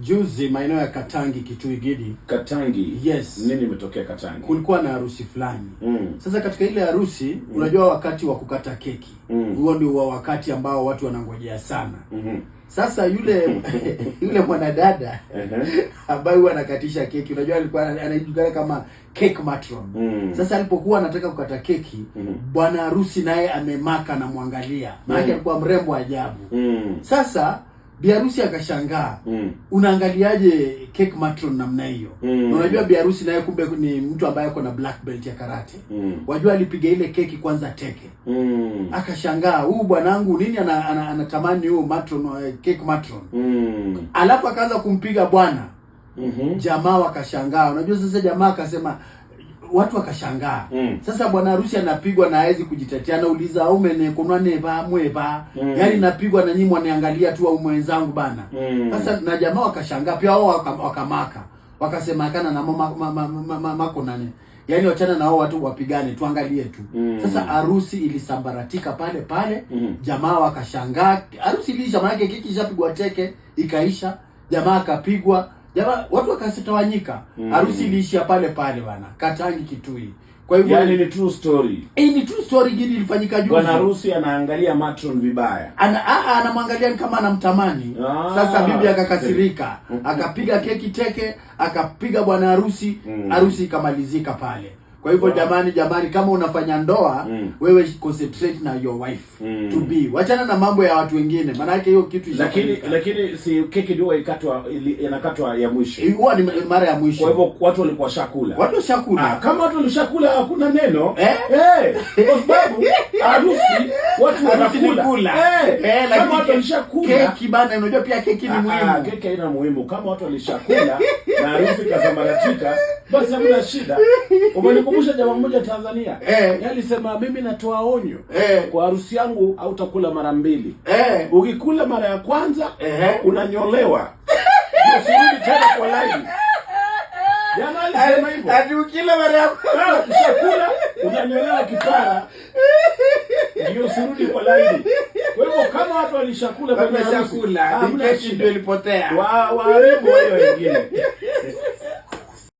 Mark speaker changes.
Speaker 1: Juzi maeneo ya Katangi, Kitui, Gidi.
Speaker 2: Katangi. Yes. Nini imetokea Katangi?
Speaker 1: Kulikuwa na harusi fulani. Mm. Sasa katika ile harusi mm. unajua wakati wa kukata keki. Mm. Huo mm. ndio wakati ambao watu wanangojea sana. Mm -hmm. Sasa yule yule mwanadada uh-huh. ambaye huwa anakatisha keki, unajua alikuwa anajulikana kama cake matron. Mm. Sasa alipokuwa anataka kukata keki, mm. bwana harusi naye amemaka na mwangalia. Maana mm. alikuwa mrembo ajabu. Mm. Sasa biharusi akashangaa. Mm. Unaangaliaje cake matron namna hiyo? Mm. Unajua biharusi naye kumbe ni mtu ambaye ako na black belt ya karate. Mm. Wajua alipiga ile keki kwanza teke. Mm. Akashangaa, huu bwanangu nini anatamani ana, huyo matron eh, cake matron. Mm. Alafu akaanza kumpiga bwana. Mm -hmm. Jamaa wakashangaa. Unajua sasa jamaa akasema watu wakashangaa mm. Sasa bwana harusi anapigwa na hawezi kujitetea, anauliza neva mweva mm. Yaani napigwa na nyinyi mwaniangalia tu au mwenzangu bana mm. Sasa na jamaa wakashangaa pia wao wakamaka wakasema kana na mama ma, ma, mako nani yaani wachana na hao watu wapigane tuangalie tu mm. Sasa harusi ilisambaratika pale pale mm. Jamaa wakashangaa harusi ilisha, maana keki ishapigwa teke ikaisha, jamaa akapigwa Jama, watu wakasitawanyika mm. Harusi iliishia pale pale bana, Katangi Kitui.
Speaker 2: Kwa hivyo yani, ni true story
Speaker 1: eh, ni true story gidi ilifanyika juzi.
Speaker 2: Bwana harusi anaangalia matron vibaya,
Speaker 1: ana a ah, ah, anamwangalia kama anamtamani. Ah, sasa bibi akakasirika, hmm. akapiga keki teke, akapiga bwana harusi mm. Harusi ikamalizika pale. Kwa hivyo yeah. Jamani, jamani, kama unafanya ndoa mm. wewe concentrate na your wife mm. to be, wachana na mambo ya watu wengine, maana yake hiyo kitu.
Speaker 2: Lakini lakini si keki ndio ikatwa, inakatwa ya mwisho,
Speaker 1: eh, huwa ni mara ya mwisho.
Speaker 2: Kwa hivyo watu walikuwa shakula,
Speaker 1: watu shakula. Ah,
Speaker 2: kama watu walishakula hakuna neno eh, eh kwa sababu harusi wanakula eh, eh, kama watu walishakula
Speaker 1: keki bana, unajua pia keki ni ah, ah, muhimu.
Speaker 2: Keki haina muhimu kama watu walishakula na harufu ikasambaratika, basi hamna shida. Umenikumbusha jamaa mmoja Tanzania eh, alisema mimi natoa onyo eh, kwa harusi yangu hautakula mara mbili eh, ukikula mara ya kwanza eh, unanyolewa usirudi tena kwa laini. Jamaa alisema
Speaker 1: hivyo, ukila mara ya
Speaker 2: kwanza ah, unanyolewa kipara lakini usirudi kwa laini. Kwa hivyo kama watu walishakula,
Speaker 1: walishakula,
Speaker 2: ndio ilipotea.
Speaker 1: Wa warembo wengine